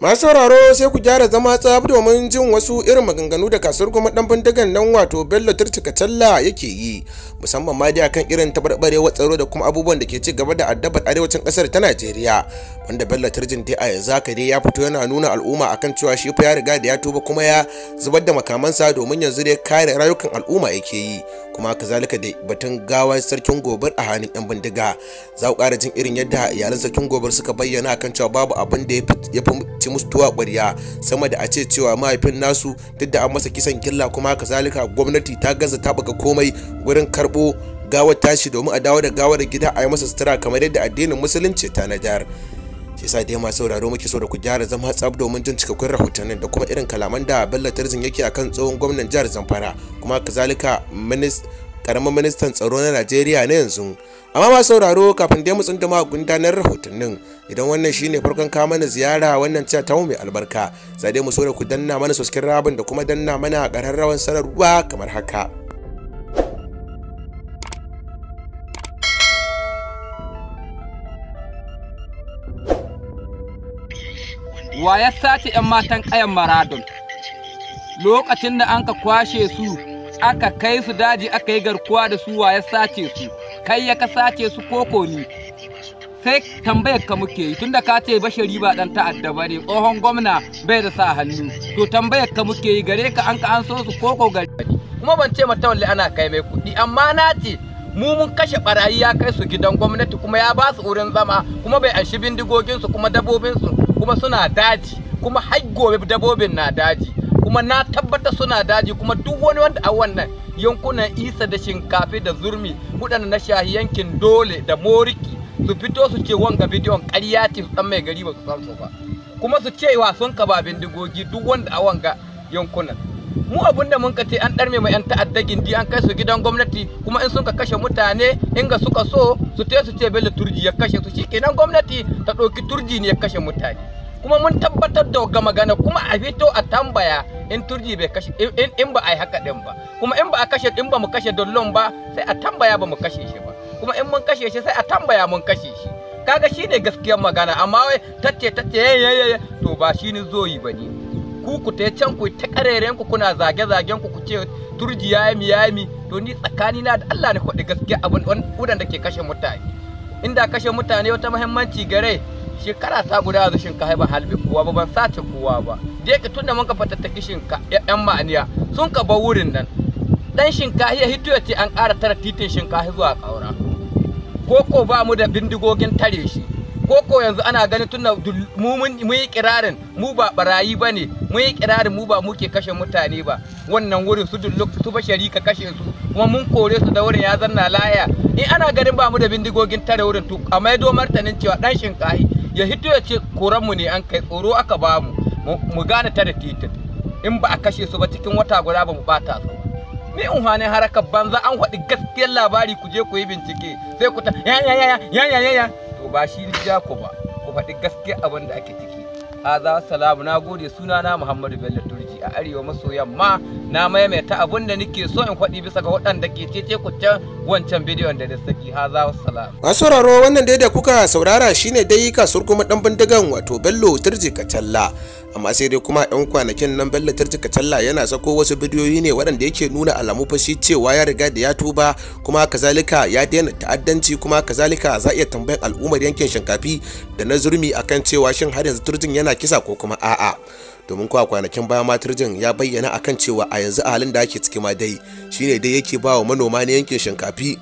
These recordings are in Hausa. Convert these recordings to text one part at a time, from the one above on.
masu sauraro sai ku gyara zama tsab domin jin wasu irin maganganu da kasuwar kuma dan bindigan nan wato bello turcikacalla yake yi musamman ma dai akan irin tabarbarewar tsaro da kuma abubuwan da ke ci gaba da addabar arewacin kasar ta najeriya wanda bello turjin dai a yanzu haka dai ya fito yana nuna al'umma akan cewa shi fa ya riga da ya tuba kuma ya zubar da makamansa domin yanzu dai kare rayukan al'umma yake yi kuma kazalika da batun gawa sarkin gobar a hannun yan bindiga za ku ƙara jin irin yadda iyalan sarkin gobar suka bayyana kan cewa babu abin da ya fi ci musu tuwa ƙwarya sama da a ce cewa mahaifin nasu duk da an masa kisan killa kuma kazalika gwamnati ta gaza ta baka komai wurin karɓo gawar tashi domin a dawo da gawar gida a yi masa sutura kamar yadda addinin musulunci ta najar shi yasa dai masu sauraro muke so da ku gyara zama tsab domin jin cikakkun rahotannin da kuma irin kalaman da Bello Tarzin yake akan tsohon gwamnan jihar Zamfara kuma kazalika karamin ministan tsaro na Najeriya na yanzu amma masu sauraro kafin da mu ma gundanar rahotannin idan wannan shine farkon ka mana ziyara wannan cewa ta mai albarka sai dai mu so da ku danna mana subscribe da kuma danna mana rawan sanarwa kamar haka wa ya sace 'yan matan ƙayan maradon lokacin da an ka kwashe su aka kai su daji aka yi garkuwa da su wa ya sace su kai ya ka sace su koko ni sai tambayar ka muke yi tunda ka ce bashari ba dan ta'adda ba ne tsohon gwamna bai da sa hannu to tambayar ka muke yi gare ka an ka an so su koko gare kuma ban ce mata ana kai mai kuɗi amma na ce mu mun kashe barayi ya kai su gidan gwamnati kuma ya ba su wurin zama kuma bai anshi bindigoginsu kuma su kuma suna daji kuma har gobe dabobin na daji kuma na tabbata suna daji kuma duk wani wanda a wannan yankunan isa da shinkafi da zurmi waɗanda na shahi yankin dole da moriki su fito su ce wanga bidiyon ƙarya ce su san mai gari ba su samu ba kuma su ce wa sun ka ba bindigogi duk wanda a wanga yankunan mu abinda da mun kace an darme mai yan ta'adda gindi an kai su gidan gwamnati kuma in sun ka kashe mutane in ga suka so su te su ce bello turji ya kashe su shikenan gwamnati ta ɗauki turji ne ya kashe mutane kuma mun tabbatar da ga magana kuma a fito a tambaya in turji bai kashe in ba a yi haka din ba kuma in ba a kashe din ba mu kashe dollon ba sai a tambaya ba mu kashe shi ba kuma in mun kashe shi sai a tambaya mun kashe shi kaga shine gaskiyar magana amma wai tacce tacce eh, yayaye eh, eh, to ba shine zoyi bane ku ku ta can ku ta kareren ku kuna zage zagen ku ku ce turji yayi mi to ni tsakani na da Allah ne kwaɗi gaskiya abin wadanda ke kashe mutane inda kashe mutane wata muhimmanci gare shekara ta guda shin shinka haiba halbi kowa ba ban sace kowa ba dai ka tunda mun ka fatattaki shinka yan ma'aniya sun ka bar wurin nan dan shinkahi ya hito ya ce an ƙara tara titin shinkahi zuwa kaura ko ko ba mu da bindigogin tare shi koko yanzu ana ganin tunda mu mun yi kirarin mu ba barayi ba ne yi kirarin mu ba muke kashe mutane ba wannan wurin su dulluk su ba sharika kashe su kuma mun kore su da wurin ya zanna laya in ana ganin ba mu da bindigogin tare wurin to a do martanin cewa dan shinkai ya hito ya ce koran mu ne an kai tsoro aka ba mu mu gane tare titin in ba a kashe su ba cikin wata guda ba mu bata su me in hane harakar banza an faɗi gaskiyar labari ku je ku yi bincike sai ku ta ya ya ya ya ya ya ku ba shi ku ba ku faɗi gaskiya abin da ake ciki haza salamu na gode sunana muhammadu bello a arewa maso yamma na maimaita abun da nake so in faɗi bisa ga waɗanda ke cece can wancan bidiyon da da saki haza salam masu sauraro wannan dai da kuka saurara shine dai kasuwar kuma dan bindigan wato bello turji kacalla amma sai dai kuma yan kwanakin nan bello turji kacalla yana sako wasu bidiyoyi ne waɗanda yake nuna alamu fashi cewa ya riga da ya tuba kuma kazalika ya daina ta'addanci kuma kazalika za iya tambayan al'ummar yankin shinkafi da na zurmi akan cewa shin har yanzu turjin yana kisa ko kuma a'a domin kuwa kwanakin baya matirjin ya bayyana akan cewa a yanzu a halin da ake ciki ma dai shi ne dai yake ba wa manoma na yankin shinkafi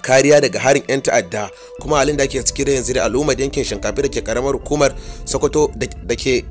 kariya daga harin 'yan ta'adda kuma halin da ake ciki da yanzu da al'ummar yankin shinkafi da ke karamar hukumar sokoto da ke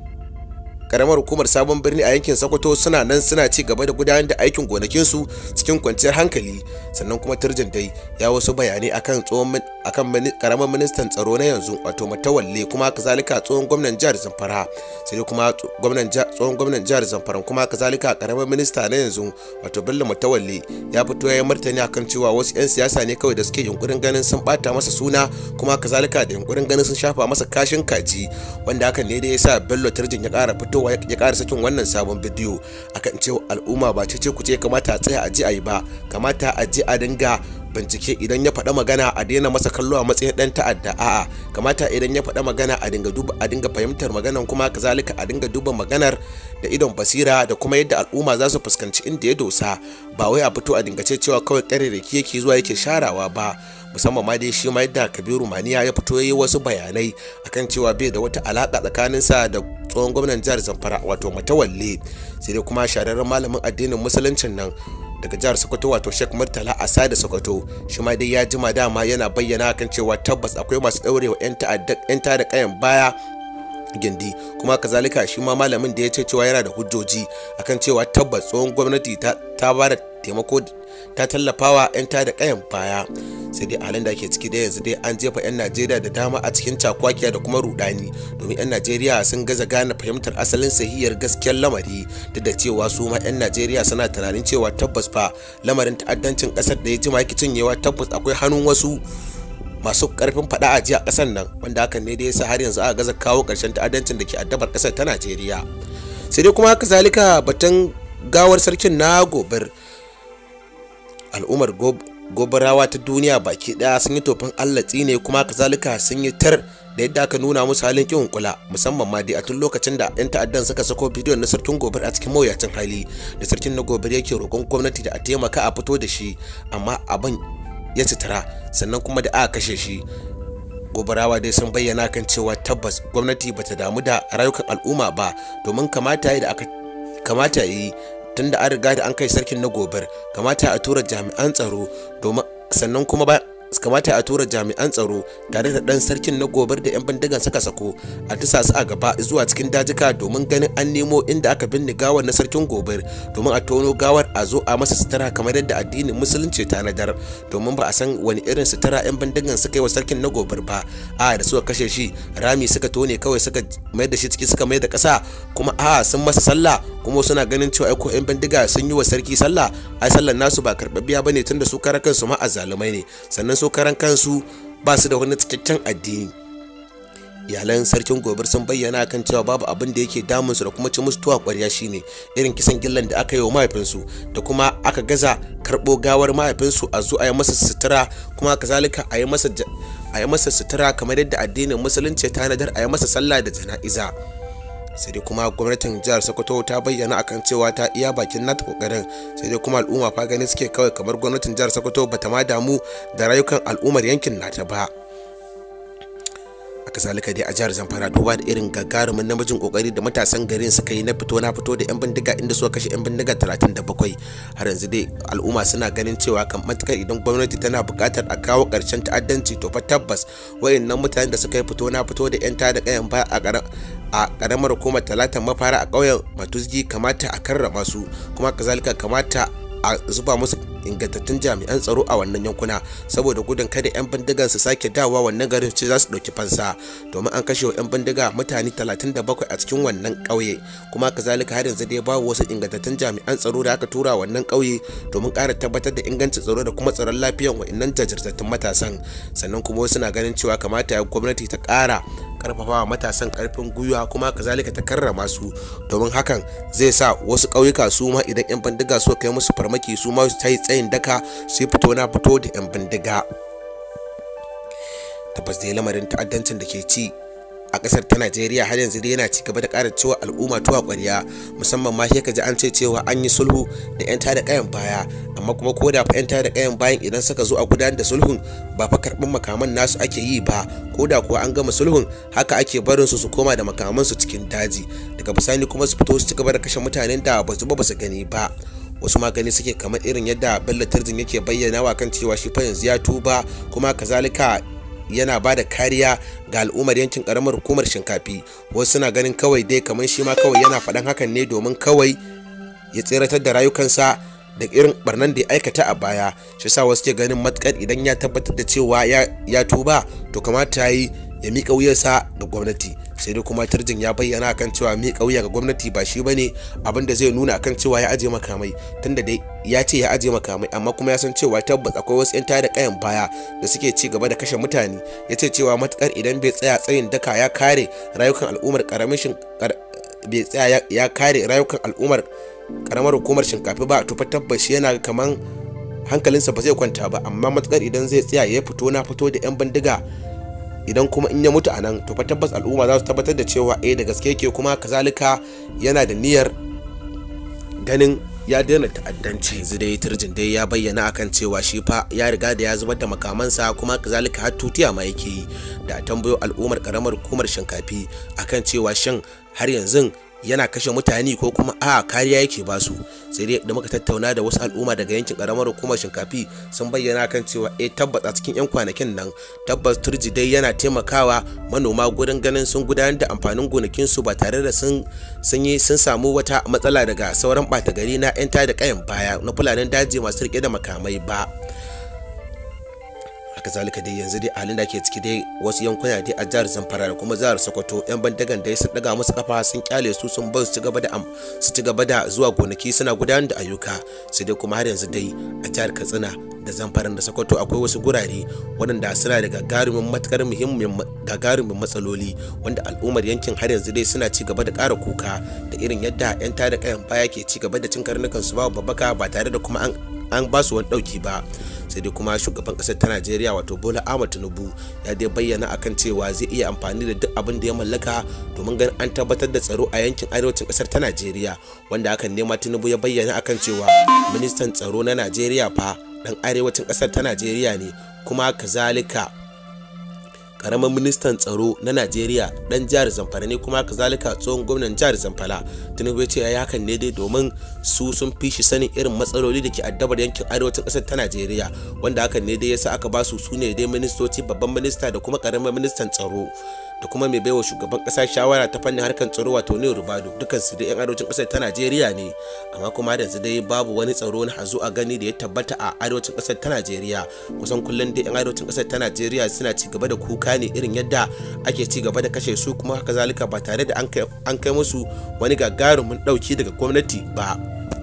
karamar hukumar sabon birni a yankin sokoto suna nan suna ci gaba da gudanar da aikin gonakinsu cikin kwanciyar hankali sannan kuma turjin dai ya wasu bayanai akan tsohon akan karamar ministan tsaro na yanzu wato matawalle kuma kazalika tsohon gwamnan jihar zamfara sai kuma gwamnan tsohon gwamnan jihar zamfara kuma kazalika karamar minista na yanzu wato bello matawalle ya fito ya yi martani akan cewa wasu 'yan siyasa ne kawai da suke yunkurin ganin sun bata masa suna kuma kazalika da yunkurin ganin sun shafa masa kashin kaji wanda hakan ne da ya sa bello turjin ya kara fito fitowa ya ƙara sakin wannan sabon bidiyo akan cewa al'umma ba ce ku ce kamata a tsaya a ji a yi ba kamata a ji a dinga bincike idan ya faɗa magana a daina masa kallo a matsayin ɗan ta'adda a'a kamata idan ya faɗa magana a dinga duba a dinga fahimtar maganan kuma kazalika a dinga duba maganar da idon basira da kuma yadda al'umma za su fuskanci inda ya dosa ba wai a fito a dinga ce cewa kawai ƙarerraki yake zuwa yake sharawa ba musamman ma dai shi ma yadda kabiru maniya ya fito yi wasu bayanai akan cewa bai da wata alaka sa da tsohon gwamnan jihar zamfara wato matawalle sai dai kuma shahararren malamin addinin musuluncin nan daga jihar sokoto wato sheikh murtala asa da sokoto shi ma dai ya jima dama yana bayyana kan cewa tabbas akwai masu ɗaurewa 'yan da kayan baya gindi kuma kazalika shi ma malamin da ya ce cewa yana da hujjoji akan cewa tabbas tsohon gwamnati ta ba da taimako ta tallafawa 'yan tada kayan baya sai dai halin da ke ciki da yanzu dai an jefa 'yan najeriya da dama a cikin cakwakiya da kuma rudani domin 'yan najeriya sun gaza gane fahimtar asalin sahihiyar gaskiyar lamari duk da cewa su ma 'yan najeriya suna tunanin cewa tabbas fa lamarin ta'addancin kasar da ya jima ki cinyewa tabbas akwai hannun wasu masu karfin fada a jiya kasar nan wanda hakan ne da sa har yanzu aka gaza kawo karshen ta'addancin da ke addabar kasar ta najeriya sai dai kuma haka zalika batun gawar sarkin na gobir al'ummar gobarawa ta duniya baki daya sun yi tofin allah tsine kuma kazalika sun yi tar da yadda aka nuna musu halin kin kula musamman ma dai a tun lokacin da yan ta'addan suka sako bidiyon na sarkin gobar a cikin mawuyacin hali da sarkin na gobar yake roƙon gwamnati da a taimaka a fito da shi amma abin ya citara sannan kuma da aka kashe shi gobarawa dai sun bayyana kan cewa tabbas gwamnati bata damu da rayukan al'umma ba domin kamata ya kamata yi tunda an riga da an kai sarkin na gobar kamata a tura jami'an tsaro domin sannan kuma ba kamata a tura jami'an tsaro tare da dan sarkin na gobar da 'yan bindigan saka sako a tusa su a gaba zuwa cikin dajika domin ganin an nemo inda aka binne gawar na sarkin gobar domin a tono gawar a zo a masa sutura kamar yadda addinin musulunci nadar domin ba a san wani irin sutura 'yan bindigan suka yi wa sarkin na gobar ba a da suka kashe shi rami suka tone kawai suka mai da shi ciki suka mai da ƙasa kuma a sun masa sallah kuma suna ganin cewa ko 'yan bindiga sun yi wa sarki sallah ai sallar nasu ba karɓaɓɓiya ba ne tunda su karan kansu ma azzalumai ne sannan su karan kansu ba su da wani cikakken addini iyalan sarkin gobir sun bayyana kan cewa babu abin da yake damunsu da kuma ci musu tuwa kwarya shine irin kisan gillan da aka yi wa mahaifinsu da kuma aka gaza karbo gawar mahaifinsu a zo a yi masa sutura kuma kazalika a yi masa a yi masa sutura kamar yadda addinin musulunci ta nadar a yi masa sallah da jana'iza sai dai kuma gwamnatin jihar sokoto ta bayyana akan cewa ta iya bakin nata kokarin sai dai kuma al'umma fa gani suke kawai kamar gwamnatin jihar sokoto bata ma damu da rayukan al'ummar yankin nata ba haka zalika dai a jihar zamfara duba da irin gagarumin namijin kokari da matasan garin suka yi na fito na fito da yan bindiga inda suka kashe yan bindiga 37 har yanzu dai al'umma suna ganin cewa kan matukar idan gwamnati tana bukatar a kawo ƙarshen ta'addanci to fa tabbas wayannan mutanen da suka yi fito na fito da yan da kayan ba a a karamar hukumar talatan mafara a ƙauyen matuzgi kamata a karrama su kuma kazalika kamata a zuba musu ingantattun jami'an tsaro a wannan yankuna saboda gudun kada 'yan bindigan su sake dawa wannan garin ce za su ɗauki fansa domin an kashe wa 'yan bindiga mutane 37 a cikin wannan ƙauye kuma kazalika har yanzu dai babu wasu ingantattun jami'an tsaro da aka tura wannan ƙauye domin ƙara tabbatar da ingancin tsaro da kuma tsaron lafiyar wa'annan jajirtattun matasan sannan kuma wasu na ganin cewa kamata ya gwamnati ta ƙara karfafawa matasan karfin gwiwa kuma kazalika ta karrama su domin hakan zai sa wasu ƙauyuka su ma idan 'yan bindiga suka kai musu farmaki su ma su ta yi tsayin daka sai fito na fito da 'yan bindiga tabbas dai lamarin ta'addancin da ke ci a kasar ta najeriya har yanzu dai yana ci gaba da ƙara cewa al'umma tuwa ƙwarya musamman ma sai ka ji an ce cewa an yi sulhu da 'yan tada ƙayan baya amma kuma ko da fa 'yan tada ƙayan bayan idan suka zo a gudanar da sulhun ba fa karɓin makaman nasu ake yi ba ko da kuwa an gama sulhun haka ake barin su su koma da makaman su cikin daji daga bisani kuma su fito su ci gaba da kashe mutanen da ba su ba su gani ba wasu magani suke kamar irin yadda bello turjin yake bayyanawa wa kan cewa shi fa yanzu ya tuba kuma kazalika yana ba da kariya ga al'ummar yankin karamar hukumar shinkafi wasu suna ganin kawai dai kamar shi ma kawai yana faɗan hakan ne domin kawai ya tseratar da rayukansa da irin barnan da ya aikata a baya shi sa wasu ke ganin matukar idan ya tabbatar da cewa ya tuba to kamata yi ya miƙa wuyarsa ga gwamnati sai dai kuma tarjin ya bayyana kan cewa mi kauya ga gwamnati ba shi bane abin da zai nuna kan cewa ya aje makamai tunda dai ya ce ya ajiye makamai amma kuma ya san cewa tabbas akwai wasu 'yan tada kayan baya da suke ci gaba da kashe mutane ya ce cewa matukar idan bai tsaya tsayin daka ya kare rayukan al'ummar karamin bai tsaya ya kare rayukan al'ummar karamar hukumar shinkafi ba to fa tabbas yana kaman hankalinsa ba zai kwanta ba amma matukar idan zai tsaya ya fito na fito da 'yan bindiga idan kuma in ya mutu a nan to fa tabbas al'umma za su tabbatar da cewa eh da gaske yake kuma kazalika yana da niyyar ganin ya daina ta'addanci yanzu dai turjin dai ya bayyana akan cewa shi fa ya riga da ya zubar da makamansa kuma kazalika har tutiya ma yake yi da tambayo al'ummar karamar hukumar shinkafi akan cewa shin har yanzu yana kashe mutane ko kuma a kariya yake basu sai da muka tattauna da wasu al'umma daga yankin karamar hukumar shinkafi sun bayyana kan cewa eh tabbas a cikin yan kwanakin nan tabbas turji dai yana taimakawa manoma gurin ganin sun gudanar da amfanin gonakin su ba tare da sun sun yi sun samu wata matsala daga sauran ɓata gari na 'yan da kayan baya na fulanin daji masu rike da makamai ba. haka zalika dai yanzu dai halin da ke ciki dai wasu yankuna dai a jihar zamfara da kuma jihar sokoto yan bandagan dai sun daga musu kafa sun kyale su sun bar su ci gaba da su ci gaba da zuwa gonaki suna gudanar da ayyuka sai dai kuma har yanzu dai a jihar katsina da zamfara da sokoto akwai wasu gurare waɗanda suna da gagarumin matakar muhimmin gagarumin matsaloli wanda al'ummar yankin har yanzu dai suna ci gaba da ƙara kuka da irin yadda 'yan tada kayan baya ke ci gaba da cin karnukan su babu babaka ba tare da kuma an an ba su wani dauki ba sai dai kuma shugaban kasar ta najeriya wato bola ahmad tinubu ya dai bayyana akan cewa zai iya amfani da duk abin da ya mallaka domin ganin an tabbatar da tsaro a yankin arewacin kasar ta najeriya wanda hakan ma tinubu ya bayyana akan cewa ministan tsaro na najeriya fa dan arewacin kasar ta najeriya ne kuma kazalika karamin ministan tsaro na najeriya dan jihar zamfara ne kuma kazalika tsohon gwamnan jihar zamfara tinubu ya ce ya hakan ne dai domin su sun fi shi sanin irin matsaloli da ke addabar yankin arewacin kasar ta najeriya wanda hakan ne dai yasa aka ba su su dai ministoci babban minista da kuma karamin ministan tsaro da kuma mai baiwa shugaban kasa shawara ta fannin harkar tsaro wato ne rubado dukan su dai yan arewacin kasar ta najeriya ne amma kuma da yanzu dai babu wani tsaro na hazo a gani da ya tabbata a arewacin kasar ta najeriya kusan kullum dai yan arewacin kasar ta najeriya suna ci gaba da kuka ne irin yadda ake ci gaba da kashe su kuma haka zalika ba tare da an kai musu wani gagarumin dauki daga gwamnati ba